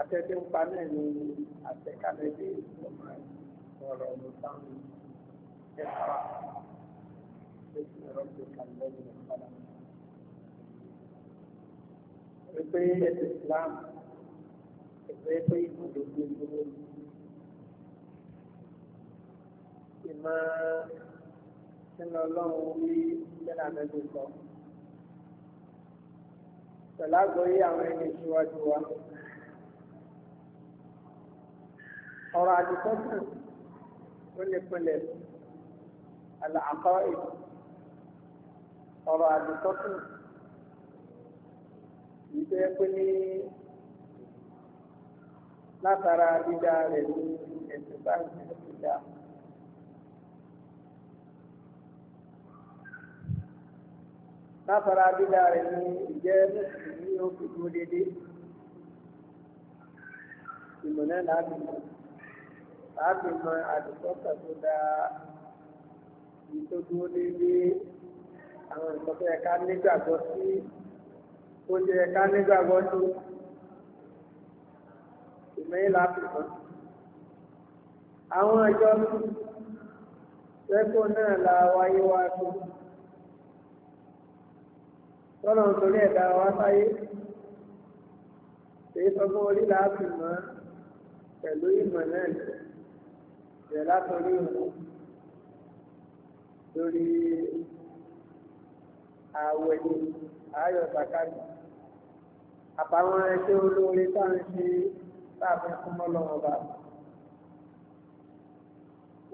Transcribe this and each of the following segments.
àtẹ̀tẹ̀ ń pa náà ní àtẹ̀kálẹ̀ dé ọmọ ọ̀rọ̀ ọ̀rọ̀ sáwọn ẹ̀ka ẹ̀sìn ọ̀rọ̀ tó kàlẹ́ ní ọ̀pọ̀lọpọ̀. Wípé ẹ̀sìn Islam ẹ̀sìn ẹ̀sìn ìgbòdo gbogbo ìmọ̀ sínú ọlọ́run wí lẹ́nà mẹ́gbẹ̀ẹ́ sọ pẹ̀lú àgbọ́yé àwọn ẹni ìṣíwájú wa. ọ̀rọ̀ àdìsọ́sàn ó lè pinlẹ̀ àlàkọ́ èdè ọ̀rọ̀ àdìsọ́sàn yìí tó yẹ pé ní látara dídá rẹ̀ ní ẹ̀sìn báńkì ìdá. látara dídá rẹ̀ ní ìjẹ́ mùsùlùmí ó fi dúró déédéé ìmọ̀lẹ́ láti mọ̀ láti mọ àdìsọ́kà tó dáa yìí tó dúró déédéé àwọn nǹkan tó yẹ ká nígbàgbọ́ sí ó yẹ ká nígbàgbọ́ sí ìmọ̀lẹ́ láti mọ̀ àwọn ẹjọ́ tó ẹ̀kọ́ náà la wáyé wá fún tọ́lọ̀ nítorí ẹ̀dá wa sáyé èyí sọgbọ́n orí láàbì mọ́ pẹ̀lú ìmọ̀ náà rẹ̀ látọ̀rí òun lórí ààwẹ̀ ni ayọ̀ sàkárì àbáwọn ẹgbẹ́ olóore tá à ń ṣe láàbẹ̀ fún mọ́lọ́wọ́ bá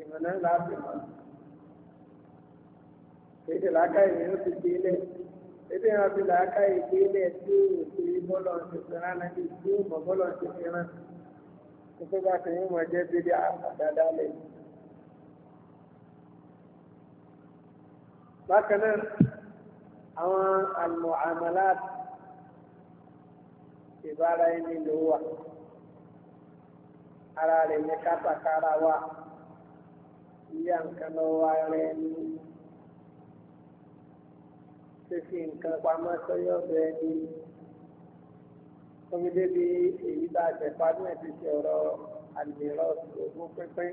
ìmọ̀ náà láàbì mọ́ kéde làákàyè ni ó ti di ilé ebi hàn fi làákà ìgbé ilẹ̀ tí ó fi bọ́lọ̀ ti fẹ́ràn náà tí ó mọ̀ bọ́lọ̀ ti fẹ́ràn nípa bá ti yín mọ̀ jẹ́ bíbí àdáadáa lẹ̀. bákan náà àwọn àlọ́ àmàlà ìbára ẹni ló wà ara rẹ̀ ní kátàkárà wà ilé àǹkan lọ́wọ́ ara ẹni fífi nǹkan pamọ́ sọ́yọ́ bẹ́ẹ̀ ni omi débi èyí bá tẹ̀pá ní ẹ̀sìn ti ọ̀rọ̀ àlùmíràn ogún pínpín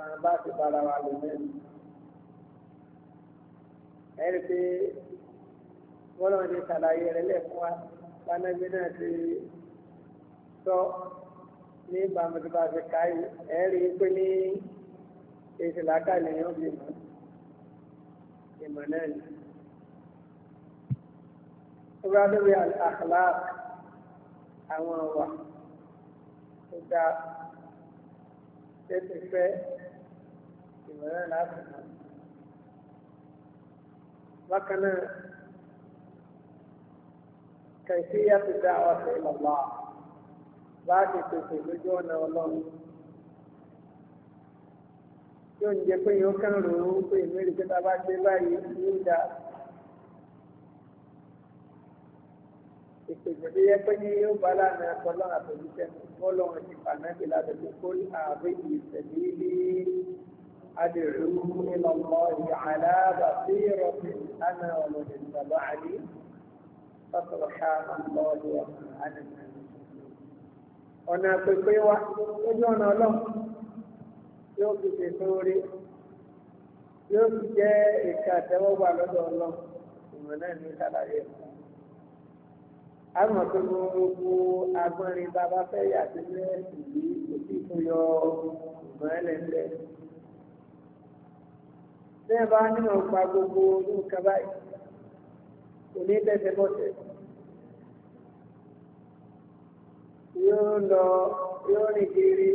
àwọn bá ti bára wa lò mẹ́rin. ẹ̀rí pé wọ́n lọ́wọ́ ti ṣàlàyé rẹ̀ lẹ́kùn wa bánágbé náà ti sọ ní ìbámu tó bá fi káyì ẹ̀rí pé ní èsì làákàlẹ̀ yóò fi mọ̀ ìmọ̀ náà ni tó bá lórí al-akhlaq àwọn ọ̀wà tó dá tẹ́tẹ́ fẹ́ ìmọ̀ràn láti mọ̀. Bákan náà, kayfiyat ad-da'wati ila Allah bá ti pèsè lójú ọ̀nà ọlọ́run. Tí ń jẹ pé yóò kàn rò ó pé ìmọ̀ èrè bá dé báyìí ní ìdá ìpèsè yẹ pé ní yóò bá lánà ọlọ́run àtòjíṣẹ́ fọlọ́run ti fànàbí ládùúgbò kó àbí ìṣẹ̀lẹ̀ ilé adèrú ìlọ́mọ ìyàlá bàbí ìrọ̀bì lánà ọlọ́run ìṣàlọ́ àlè sọ́tọ̀ ṣáà lọ́ ọ̀nà pẹ̀pẹ́ wa lójú ọ̀nà ọlọ́run yóò fi ṣètò orí yóò fi jẹ́ ìka àtẹ́wọ́gbà lọ́dọ̀ ọlọ́run ìmọ̀ náà ní sálàyé rẹ̀ àmọ́ pé gbogbo agbọ́nrin bàbá fẹ́ yàtí lẹ́ ìlú òbí tó yọ ìmọ̀lẹ̀ lẹ́. Bẹ́ẹ̀ bá nínú ọ̀pá gbogbo ojú kaba yìí, kò ní bẹ́sẹ̀ bọ́sẹ̀. Yóò lọ, yóò rìn kiri,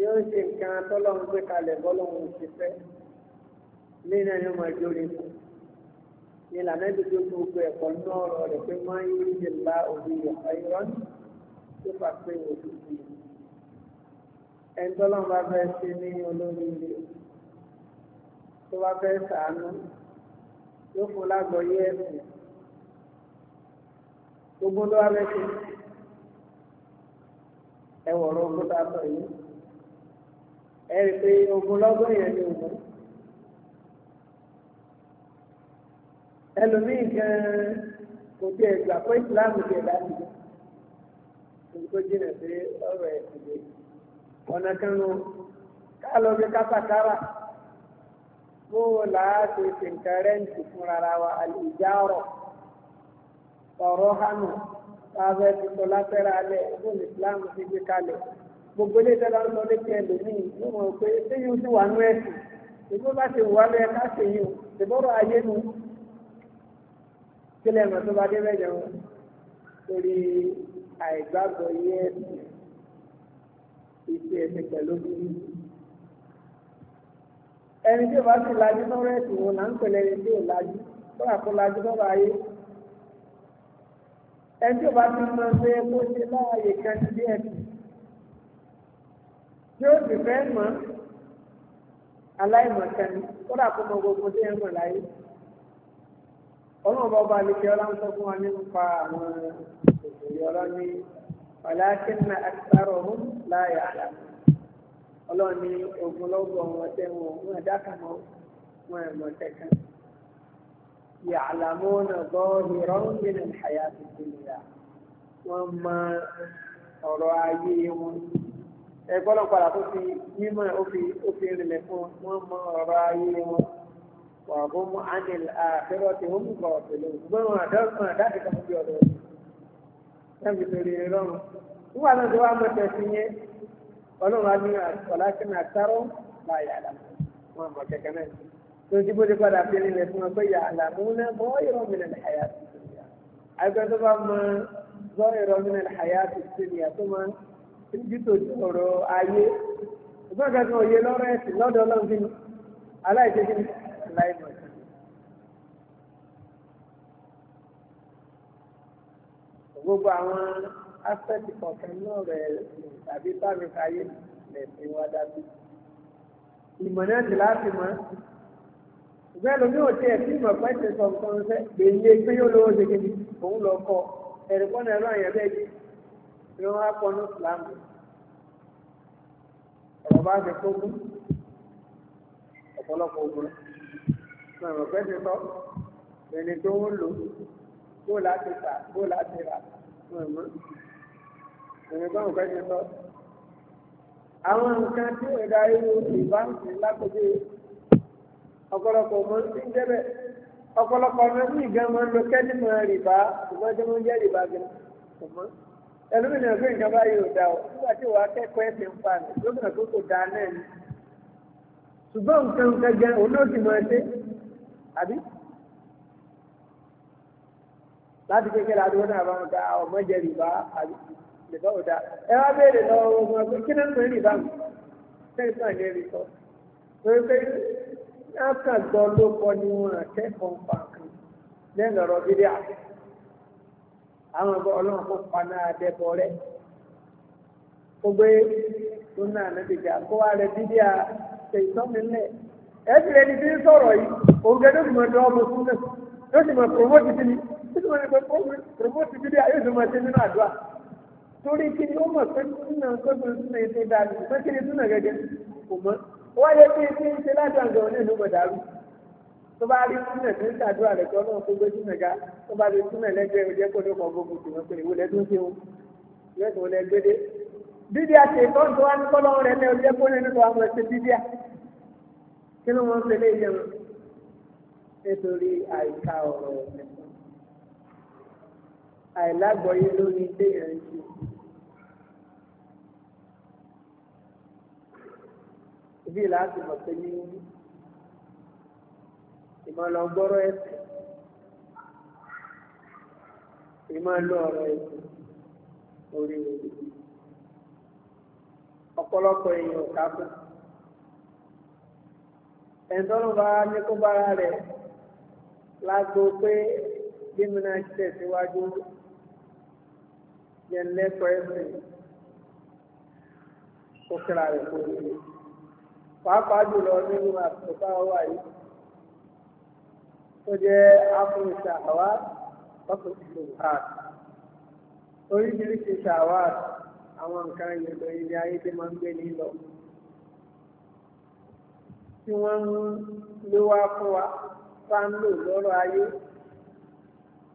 yóò ṣe nǹkan tọ́lọ́run gbé kalẹ̀ bọ́lọ́run ti fẹ́. Lẹ́yìn náà ni ó máa jó lè ni lànà ìdíje gbogbo ẹ̀kọ́ náà rọ rẹ̀ pé máa ń yí lè la òbí ẹ̀kọ́ irọ́ ní tó fà pé òbí ti ẹni tọ́lọ́ bá fẹ́ ṣe ní olórí ilé tó bá fẹ́ sàánú yóò fún lágbọ̀ọ́yé ẹ̀sìn gbogbo ló wá fẹ́ ṣe ẹ̀wọ̀rọ̀ ogún tá a sọ yìí ẹ̀rí pé ogun lọ́gbọ̀n yẹn ni òun. ẹlòmíì gan kò tiẹ̀ gbà pé ìsìláàmù tiẹ̀ láti gbé kò jìnà sí ọ̀rọ̀ ẹ̀sìnlẹ̀ ọ̀nà kan nù ká lọ bí kátàkárà bó o là á ṣe ṣe nǹkan rẹ́ǹtì fúnra wa àlùjá ọ̀rọ̀ ọ̀rọ̀ hànú káfẹ́ ti sọ látẹ́rà alẹ́ fún ìsìláàmù ti gbé kalẹ̀ gbogbo ilé ìjọba ń lọ létí ẹlòmíì ló mọ̀ pé ṣé yóò ti wà nú ẹ̀sìn ìgbó bá ṣe wà lẹ́ẹ̀ká ṣe yìí ìbọ̀rọ̀ ayé nu kílẹ̀ mọ̀ tó bá dé bẹ́ẹ̀ wọn torí àìgbàgbọ́ yẹ ìṣe ẹ̀sìn pẹ̀lú bíbí. ẹni tí o bá sì lajú lọ́rọ̀ ẹ̀sìn wọn là ń pẹ̀lẹ́ ẹni tí ò lajú lọ́wọ́ àkọlajú lọ́wọ́ ayé. ẹni tí o bá ti mọ pé kó ṣe láàyè kan ti bí ẹ̀sìn tí ó sì fẹ́ mọ́ aláìmọ̀kan kó dà kó mọ gbogbo tí ẹ mọ̀ láyé ọlọ́run bá ọba àlekẹ́ ọlá ń sọ fún wa nípa àwọn òṣèré ọlá ní ọ̀làkínà àtàrọ̀ ọ̀hún láàyè àlà ọlọ́run ní ogunlọ́gọ̀ wọn tẹ́ wọn wọn àdáka mọ́ wọn ẹ̀mọ́ tẹ̀kan yàlámọ́nà bọ́ọ̀lù rọ́ńgìnà àyà tuntun nìyà wọ́n mọ ọ̀rọ̀ ayé wọn ẹ̀gbọ́n padà tó fi mímọ́ òfin òfin rìnlẹ̀ fún wọn mọ ọ̀rọ̀ ayé wọn. وهم عن الآخرة هم غافلون gbọ́n àdọ́gbọ̀n àdáàdì kan bí ọ̀dọ́ ẹ̀mí torí rọrùn wíwà náà tó wá mọ̀tẹ́ sí yẹn ọlọ́run àmì ọ̀làkínà àtàrọ̀ láyà àlàmù wọn mọ̀ kẹ̀kẹ́ náà tó ti bóde padà fi nílẹ̀ fún wọn pé yà àlàmù náà mọ́ ìrọ̀ mi nàlẹ̀ àyà ti sèmìyà àgbẹ̀ tó bá mọ zọ́ ìrọ̀ mi nàlẹ̀ àyà ti sèmìyà tó máa ń jítò ọ̀rọ̀ ayé ìgbọ́n aláìmọ̀ sí. gbogbo àwọn aspect kọ̀ọ̀kan náà rẹ̀ tàbí sáàmì káyé lẹ̀sìn wa dábí. ìmọ̀ náà ti láti mọ̀ ṣùgbọ́n ẹlòmíì ò tiẹ̀ sí ìmọ̀ pẹ́ ṣe sọ nǹkan ṣe gbèlè pé yóò lówó ṣe kejì òun lọ kọ ẹ̀rìkọ́ náà lọ́ọ̀ yẹn bẹ́ẹ̀ ni wọ́n á kọ́ ní ọ̀rọ̀ bá ṣe kó mú ọ̀pọ̀lọpọ̀ ogun náà ọ̀rọ̀ pẹ́ ti tọ́ ẹni tó ń lò bó láti tà bó láti rà ọ̀mọ́ ẹni tó ń pẹ́ ti tọ́. àwọn nǹkan tí ò dá irú ìbáǹkì lákòókò ọ̀pọ̀lọpọ̀ mọ́ sí ń jẹ́bẹ̀ ọ̀pọ̀lọpọ̀ ọmọ sí ìgbà máa ń lo kẹ́dìmọ̀ rìbá ṣùgbọ́n tí wọ́n jẹ́ rìbá gan ọ̀mọ́ ẹlòmínà fún ìjọba yìí ò dá o nígbà tí wàá kẹ́kọ̀ọ́ ẹ̀sìn pa mi lómìnà tó kò dáa náà ni ṣùgbọ́n nǹkan nǹkan òun náà ti máa ṣe é àbí láti kékeré àti wọn náà bá ọmọ jẹ rìbá àbí rìbá ò dáa ẹ wá béèrè lọ ọmọ pé kí náà ń rìbá mi náà ní ẹ̀rí sọ torí pé náà kàn ló kọ ni wọn pa kan bíbí àwọn kó gbé tó náà kó wá bíbí à ẹ̀sìn ẹni tí ń sọ̀rọ̀ yìí òun gẹ́gẹ́ tó mọ̀ ẹ̀dọ́ ọmọ fún náà yóò sì mọ̀ promote kí ni yóò sì mọ̀ ẹ̀dọ́ promote kí ni yóò sì mọ̀ ẹ̀dọ́ nínú àdúrà torí kí ni ó mọ̀ pé súnà tó tó súnà ètò ìdájú pé kí ni súnà gẹ́gẹ́ kò mọ́ wáyé pé kí n ṣe ládùn àgbà òun nínú mọ̀dàrú tó bá rí súnà tó ń ṣàdúrà rẹ̀ tó náà tó gbé súnà ga tó bá rí súnà lẹ́gbẹ̀ẹ́ òjẹ́ kó ní ọkọ̀ gbogbo tìwọ́n pé ìwé lẹ́dún sí wọn yóò tó lẹ́gbẹ́dẹ́ dídí àti ìtọ́jú wa ní kọ́lọ́ rẹ̀ lẹ́ òjẹ́ kó nínú àwọn ẹ̀sìn dídí à kí ló wọ́n fẹ́lẹ́ jẹun nítorí àìka ọ̀rọ̀ ẹ̀sẹ̀ àìlágbọ̀yé lórí déèyàn ń ṣe. ibi láti mọ̀ pé ní ìmọ̀lọ gbọ́rọ̀ ẹ̀sẹ̀ ìmọ̀lọ ọ̀rọ̀ ẹ̀sẹ̀ orí orí ọ̀pọ̀lọpọ̀ èèyàn ká fún un ẹ̀ńtọ́nù bá ní kó bára rẹ̀ lágbo pé bímínà ṣiṣẹ́ síwájú yẹn lẹ́kọ̀ọ́ ẹ̀sìn kó kíra rẹ̀ kó yẹ. pàápàá jùlọ nínú àtúntò táwọn wà yìí tó jẹ́ áfúrú ṣàwá ọkùn ṣùgbọ́n oríṣiríṣi ṣàwá àwọn nǹkan ìyẹ̀dọ̀ ilé ayé tí máa ń gbé ní lọ. tí wọ́n ń lé wá fún wa bá ń lò lọ́rọ̀ ayé.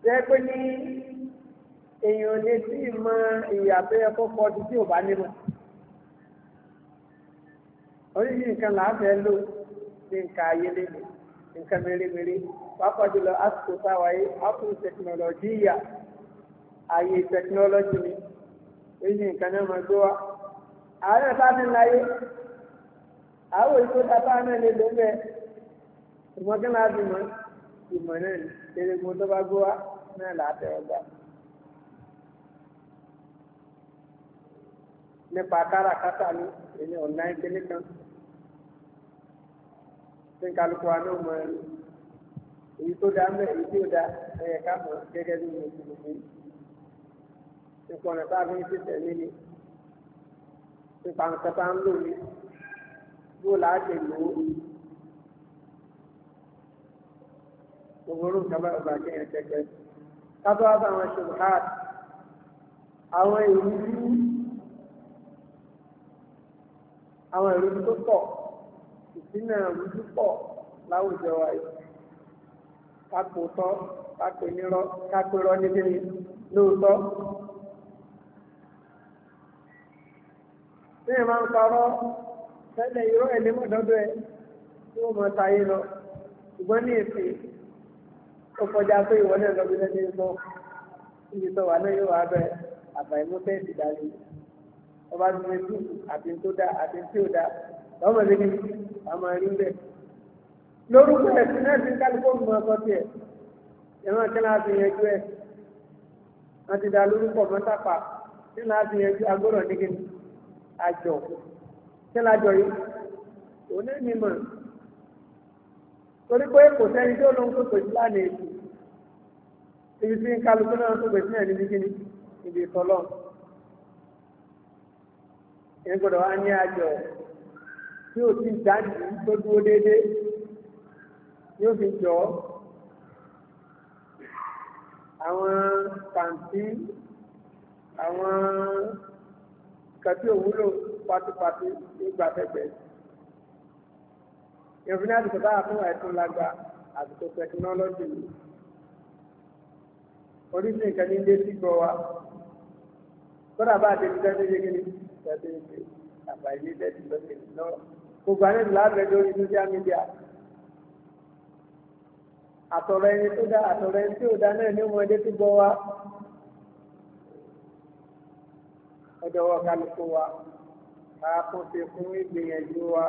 Jẹ́ pé ní èèyàn lè tí mọ ìyà tó ju tí ò bá nímọ̀. Oríṣi nǹkan lò ní nǹkan ayé lélẹ̀, nǹkan mèremère, pàápàá jùlọ àsìkò àwọn èso tata náà lè lò bẹ́ẹ̀ ìmọ̀ kí náà bímọ ìmọ̀ náà ní erégun tó bá gbó wá náà láti ọgbà. nípa káràkátà ní èmi ọ̀nà ìkíní kan tí kálukú wa náà mọ ẹni èyí tó dáa mẹ èyí tí ó dáa ká mọ̀ gẹ́gẹ́ bí mo ti mọ̀ mí nípa tá a fi ń ṣiṣẹ́ mi ni tá a ń lò mí bó la ṣe lò ó òwúrò kaba ọba kéèyàn tẹgbẹ kábọ bá àwọn ṣubhat àwọn ìrújú àwọn ìrújú tó pọ̀ ìsínà ìrújú pọ̀ láwùjọ wa yìí kápò tọ kápò nírọ lóòótọ́. Bí ẹ máa ń tẹ́lẹ̀ irọ́ ẹ̀ lẹ́mọ̀ dọ́dọ̀ ẹ tí wọ́n mọ sáyé lọ ṣùgbọ́n ní èsì ó kọjá pé ìwọ náà lọ bí lẹ́nu ìbọn níbi tó wà náà yóò wá bẹ àbàìmú tẹ́ẹ̀sì dání ọba tuntun tù àti tó dá àti tí ò dá lọ́mọ lẹ́ni àmọ́ rí bẹ́ẹ̀. lórúkọ ẹ̀sìn náà ti ń kálukó mọ ọkọ tiẹ̀ ìran kí náà yanjú ẹ̀ wọ́n ti dá lórúkọ mọ́tàpá kí náà yanjú agbọ́dọ̀ nígbìn àjọ kí lájọ yìí òní mi mọ̀ torí pé kò sẹ́ni tó lóun tó pèsè lánàá èsì ibi tí ń kálukú náà tó pèsè náà níbi kíni ibi ìtọ́lọ́ ẹ̀ gbọ́dọ̀ wá ní àjọ tí ó ti dájú tó dúró déédéé yóò fi jọ àwọn kàǹtí àwọn kàǹtí òwúlò pátípátí ní gbàtẹ́gbẹ́. ìròyìn ní àdìsọ́ báyà fún ẹ̀tún lágbà àdìsọ́ tẹkinọ́lọ́jì ni. oríṣi nǹkan ní ilé sígbọ́ wa kódà bá àti ìdílé ní yégi ni tẹ̀sí ìpè àbá ilé tẹ̀sí lọ́sẹ̀ lọ́wọ́. gbogbo àná ìlú àbẹ̀ lórí social media. àtọ̀rọ̀ ẹni tó dá àtọ̀rọ̀ ẹni tí ò dá náà ní ọmọdé sígbọ́ wa. ọjọ́ wọ kálukú wa máa tó fi kún ìgbìyànjú wa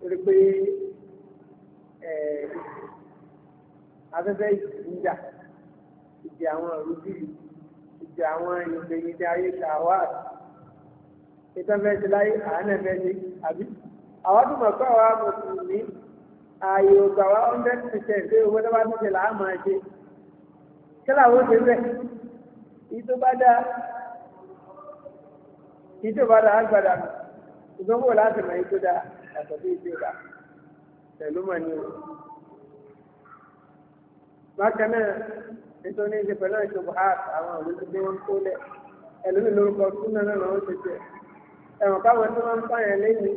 torí pé afẹ́fẹ́ ìjà ìjà àwọn ìrúbí ìjà àwọn ìgbìyànjú ayé tàwa ìtọ́fẹ́ ti láyé àánẹ́fẹ́ ni àbí àwọn tó mọ̀ pé àwa mùsùlùmí ààyè ògbà wa hundred percent pé owó tó bá ti ṣe làá máa ṣe kí làwọn ò ṣe bẹ́ẹ̀ èyí bá dáa kí tó bá da á gbàdá ṣùgbọ́n bò láti mọ̀ ètò dáa yàtọ̀ sí ètò dáa pẹ̀lú mọ̀ ní o. bákan náà nítorí ní ìṣẹ̀pẹ̀ náà ṣe buhari àwọn òlùsí tí wọ́n kó lẹ̀ ẹlòmíì lórúkọ fún náà náà wọ́n ṣe jẹ ẹ̀wọ̀n káwọn tí wọ́n ń pààyàn lẹ́yìn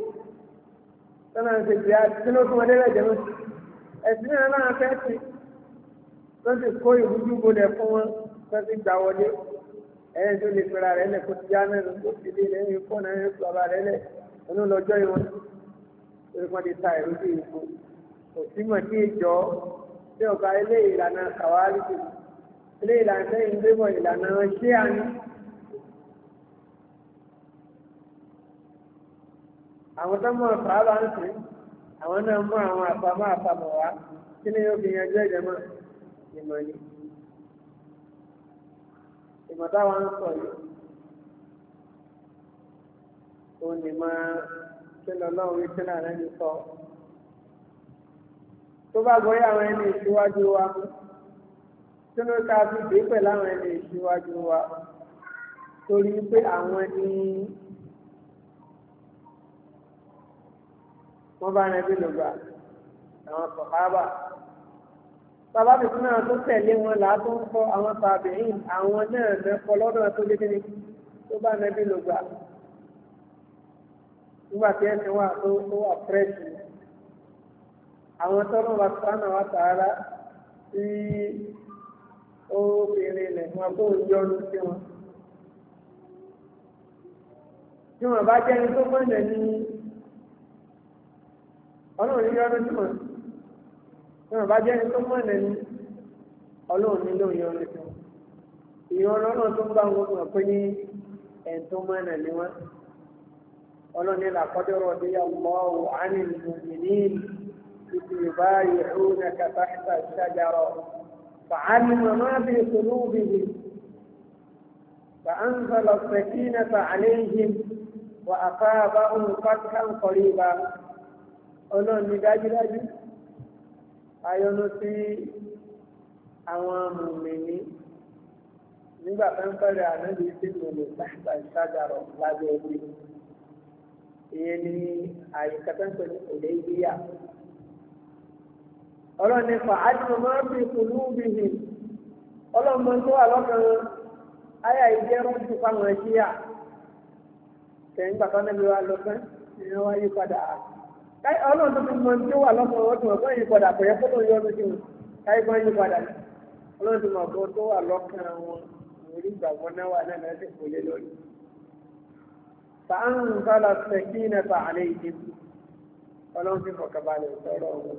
tọ́nà ṣe jẹ́ àtúnú fún wọn délẹ̀ jẹun ẹ̀sìn náà náà fẹ́ẹ́ sí wọ́n ti kó ìrújú bolẹ̀ fún wọn wọ́n ti gbà wọlé ẹ̀yìn tó lè pera rẹ̀ lẹ̀ kó ti já mẹ́nu tó ti lé lẹ́yìn ikú náà yóò fi ọba rẹ̀ lẹ̀ inú lọ́jọ́ ìwọ̀n lórí wọn ti ta ìlú sí ìkó kò sí mọ̀ sí ìjọ tí ọ̀gá ilé ìlànà kàwárí kò ilé ìlànà sẹ́yìn gbé mọ̀ ìlànà ṣé àná. àwọn tó mọ̀ sábà ń sìn àwọn náà mú àwọn àpamọ́ àpamọ́ wá kí ni yóò fi yanjú ẹ̀jẹ̀ mọ́ ìmọ̀ ni ìmọ̀ táwọn ń sọ yìí ó ní máa kí lọ́lọ́run rí kí lànà ẹni sọ tó bá gbọ́yé àwọn ẹni ìṣíwájú wa tí ló ká fi dé pẹ̀lú àwọn ẹni ìṣíwájú wa torí pé àwọn ni wọ́n bá rẹ̀ bí lògbà àwọn sọ̀hábà bàbá mi fún àwọn tó tẹ̀lé wọn là á tó ń kọ́ àwọn tàbíyìn àwọn náà mẹ́kọ lọ́dọ̀ tó dé kíni tó bá nẹbí ló gbà nígbà tí ẹni wà tó tó wà fúrẹ́ṣì àwọn tó náà wà sánà wà tààrà tí ó fèrè lẹ̀ wọn kó yọnu sí wọn. tí wọn bá jẹ́ni tó mọ̀nà ní ọlọ́run yọnu sí wọn náà bá jẹ́ tó mọ̀ lẹ́nu ọlọ́run nílò ìyọ́n lẹ́nu ìyọ́n lọ́nà tó ń bá wọn mọ̀ pé ní ẹ̀ǹtọ́ mọ̀ ẹ̀nà ni wọ́n ọlọ́run ní làkọ́dọ̀rọ̀ bí ọlọ́wù ánìl mùmìnì títí bá yẹ̀hó na kàtàkìtà ṣàjàrọ̀ fàánì màmá bí sùnú bìbì فأنزل السكينة عليهم وأصابهم فتحا قريبا ọlọ́run ní a sí àwọn mùmìnì nígbà tó ń fẹ́rẹ̀ ànábi sí mùmìnì sáàtà lábẹ́ ẹbí ìyẹn ni àyíká tó ní òde ìbíyà ọlọ́run ní àdìmọ̀ máa ń fi kùlú bí mi ọlọ́run tó wà lọ́kàn ayà ìjẹ́rùn fáwọn wa lọ́kàn padà ọlọ́run tó fi mọ tí ó wà lọ́kàn wọn tó wọ́n padà kò yẹ kó yọ ọdún wọn káyé kan yí padà ní ọlọ́run tó mọ̀ kan tó wà lọ́kàn wọn orí ìgbàgbọ́ náà wà náà náà kò lé lórí. fàánù sálà sẹ́kí nẹ́fà àlẹ́ ìdí ọlọ́run fi fọkàbalẹ̀ sọ̀rọ̀ wọn.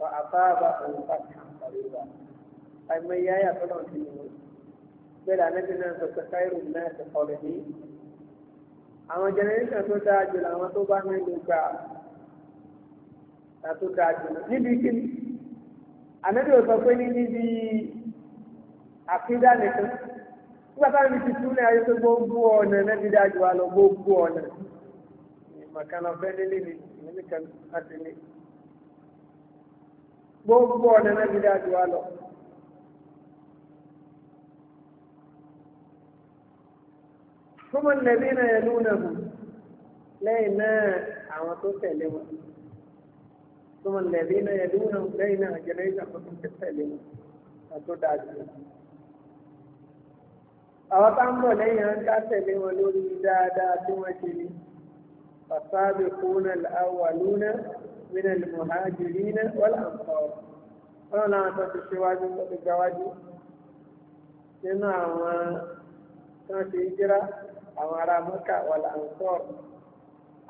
wà á bá bá òun bá kàn pàrọ̀ ìwà àìmọye àwọn generation tó dáa jù làwọn tó bá mẹ́lò gbà á tó dáa jù lọ níbi kíni ànábì ò sọ pé ní níbi àkídá nìkan nígbà táwọn ibi ti túlẹ̀ ayé tó gbogbo ọ̀nà nẹ́bí dáa jù wá lọ gbogbo ọ̀nà ìmọ̀kànnà fẹ́ nílé ni ìmọ̀kànnà láti ní gbogbo ọ̀nà nẹ́bí dáa jù wá lọ. ثم الذين يلونه لا إنا عواطو تعلمه ثم الذين يلونه لا إنا جنيز عواطو تعلمه عواطو تعلمه أوطان بولي أن تعلم ولول إزادة تمشي فالسابقون الأولون من المهاجرين والأنصار ولا أنصار الشواج والجواج لأنه أنا كانت إجراء àwọn ará mọ́kà wàlà àǹsọ́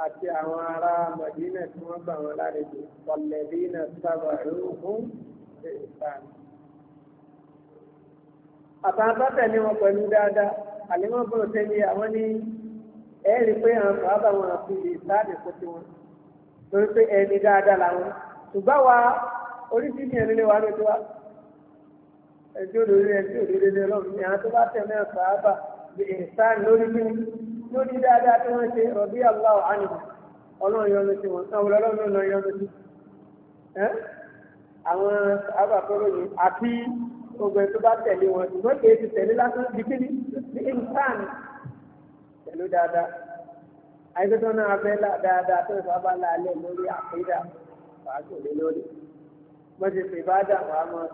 àti àwọn ará mọ̀dínà tí wọ́n gbà wọn lálejò pọ̀lẹ́bí náà sábà rúhùn ṣe ìsàmì. àtàwọn tó tẹ̀lé wọn pẹ̀lú dáadáa àlẹ́mọ́ bọ̀rọ̀ tẹ́lẹ̀ àwọn ní ẹ̀rí pé àwọn bàbá wọn àti ìsáàdì kó ti wọn torí pé ẹni dáadáa làwọn ṣùgbọ́n wa oríṣiríṣi ẹni lè wà lójú wa ẹjọ́ lórí ẹjọ́ lórí ẹni ọlọ́run ní àwọn tó bá tẹ̀lé àwọn bàbá بإحسان لوري بن دا دا رضي الله عنه wọn náà wọlé ọlọ́run àwọn abàkọ́rọ̀ yìí àti gbogbo ẹ̀ bá tẹ̀lé wọn ṣùgbọ́n kì í ti tẹ̀lé lásán di ní pẹ̀lú dáadáa náà abẹ́ dáadáa tó ìfọ̀ lórí lórí bá dà wàá máa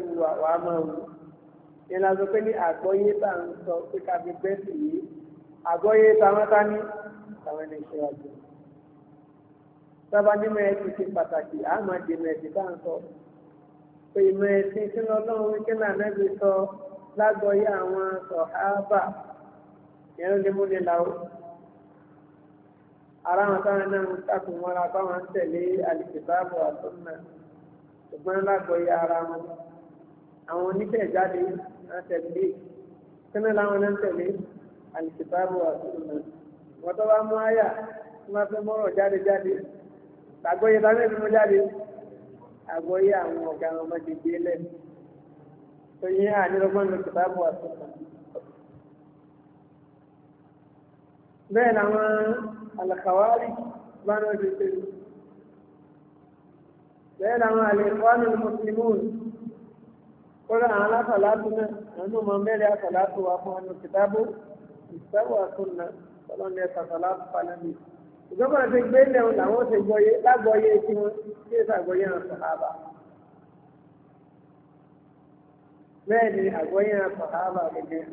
wù wàá máa wù. yẹn la sọ pé ní àgbọ́yé bá ń sọ pé káfí bẹ́sì yìí àgbọ́yé táwọn tá ní táwọn ẹni ṣe ọjọ́ sábà nínú ẹsìn ṣe pàtàkì àmọ́ dènà ẹsìn bá ń sọ pé ìmọ̀ ẹsìn tí lọ́lọ́run kí náà nẹ́bi sọ lágbọ́yé àwọn sọ̀hábà yẹn ló lè mú làwọn ara wọn táwọn náà ń takùn wọn la báwọn ń tẹ̀lé àlìkìbáàbò àtúnmọ̀ ṣùgbọ́n lágbọ́yé ara wọn àwọn onítẹ̀jáde àtẹ̀lé sínú làwọn náà tẹ̀lé àlìkìtàbù àtúnmọ̀ wọn tó bá mú àyà tí wọn fi mọ́rọ̀ jáde jáde àgbọ̀yé táwọn èèyàn mú jáde àgbọ̀yé àwọn ọ̀gá wọn má ti gbé lẹ̀ tó yẹ àdínlọ́gbọ́n lọ kìtàbù àtúnmọ̀. bẹ́ẹ̀ làwọn àlàkàwárí bá náà ti ṣe bẹ́ẹ̀ làwọn àlẹ́kọ́ kọ́ra àwọn aláfàlátù náà àwọn ọmọ mẹ́rin àfàlátù wa fún ọmọ kìtàbù ìsáwọ̀ àtúnná ọlọ́ni ẹ̀ka àfàlátù falẹ́mi. ìjọba ti gbé lẹ́wọ̀n làwọn ti gbọ́yé lágbọ́yé tí wọ́n ti ṣàgbọ́yé àwọn sàhábà. bẹ́ẹ̀ ni àgbọ́yé àwọn sàhábà gẹ́gẹ́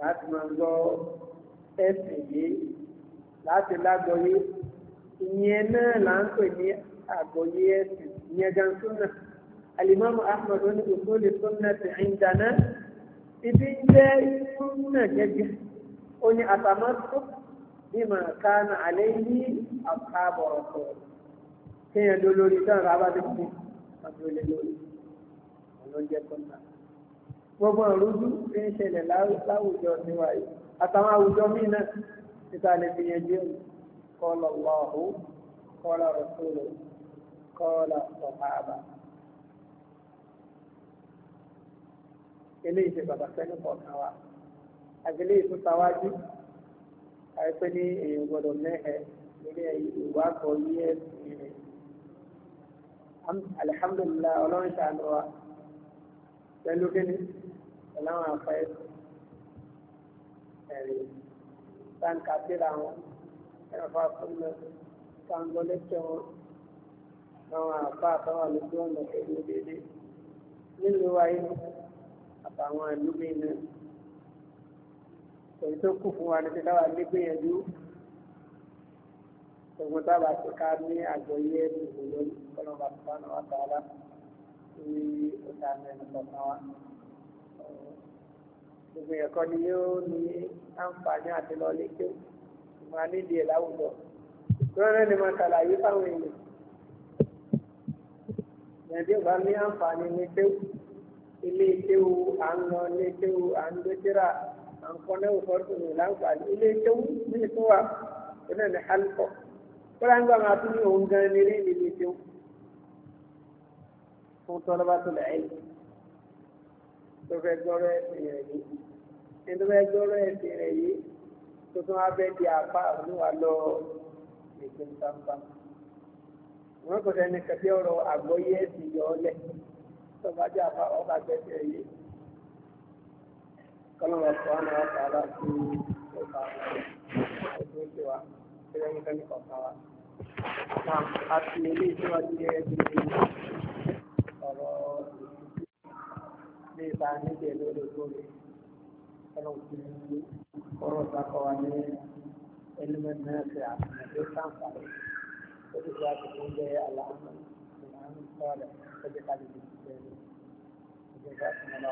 láti máa gbọ́ ẹ̀sìn yìí láti lágbọ́yé ìyẹn náà là ń pè ní àgbọ́yé ẹ̀sìn ìyẹn gan-an alimami ahmed oní usuli sunnati indana ibi jẹ́ sunna gẹ́gẹ́ oní atamọ́tò bímọ kánà alẹ́ yí àkàbọ̀rọ̀tọ̀ kéèyàn ló lórí dáhùn rábà tó kú ọdún lé lórí ọlọ́jẹ́ kọ́ńtà gbogbo àrùdú tí ń ṣẹlẹ̀ láwùjọ níwá yìí àtàwọn àwùjọ míì náà níta lè fi yẹn jẹun kọ́lọ̀ wọ́ọ̀hún kọ́lọ̀ rẹ̀ kọ́lọ̀ sọ̀hábà. eléyìí ṣe pàtàkì ẹni kọ̀ọ̀kan wa àgbélé ìtún tawájú àìpé ní èèyàn gbọ́dọ̀ mẹ́hẹ̀ lórí ìwà kọ yí ẹ̀sìn rẹ̀ alihamdulilayi ọlọ́run ṣàánú wa pẹ̀lú kíni pẹ̀lú àwọn afa ẹ̀sìn ẹ̀rí táǹkà síra wọn ẹ̀fọ́ àfọ́nà táǹgọ́ lẹ́kẹ̀ wọn àwọn afa àtàwọn àlejò ọ̀nà pẹ̀lú déédéé nílùú wa yìí àtàwọn ìlú mìíràn èyí tó kù fún wa ní pípa wà nígbìyànjú ogun tábà ti ká ní àgbọ́yé ẹ̀sìn lórí kọlọ́ba sùpánù àtàlà tí ó ta mẹ́rin kọ̀ọ̀kan wa. gbogbo ẹ̀kọ́ ni yóò ní àǹfààní àti lọ́lé tó máa nídìí ẹ̀ láwùjọ. lọ́rẹ́ ni mo ṣàlàyé fáwọn èèyàn. nàìjíríà bá ní àǹfààní ní tẹ́wù ilé kéwú à ń lọ ilé kéwú à ń gbẹ́jẹ́ra à ń kọ́ lẹ́wọ̀ fọ́tò ní láǹfààní ilé kéwú ní ìtọ́ wa ó náà ní hálùkọ́ kóra ń gbà máa tún ní òun gan ní ilé ilé kéwú fún tọ́lọ́bá tó lẹ́yìn tó fẹ́ gbọ́rọ̀ ẹ̀sìn rẹ̀ yìí ẹni tó fẹ́ gbọ́rọ̀ ẹ̀sìn rẹ̀ yìí tó tún wá fẹ́ di apá wọn kò sẹ́ni kẹ́kẹ́ ọ̀rọ̀ àgbọ́yé ẹ̀sìn yọ ọ́ lẹ́yìn tọba jẹ àbá ọba gbẹdẹ yìí kọlọmọ sọọnà ọba aláàbò ọba ọdún ìṣe wa ìṣẹ̀lẹ̀ ń fẹmi kọkàn wa. náà a ti ilé ìṣèwádìí yẹ ẹbí ọ̀rọ̀ lè bá a níbẹ̀ lórí lórí ọ̀rọ̀ òkú ọ̀rọ̀ ìtakọ wa ní ẹlẹmẹtì náà ṣe àfihàn tó sáǹfà ó ti gba àtìkú jẹ àlàáfíà ìlànà ìfọwọ́lẹ̀ ó ti bíi ìjọba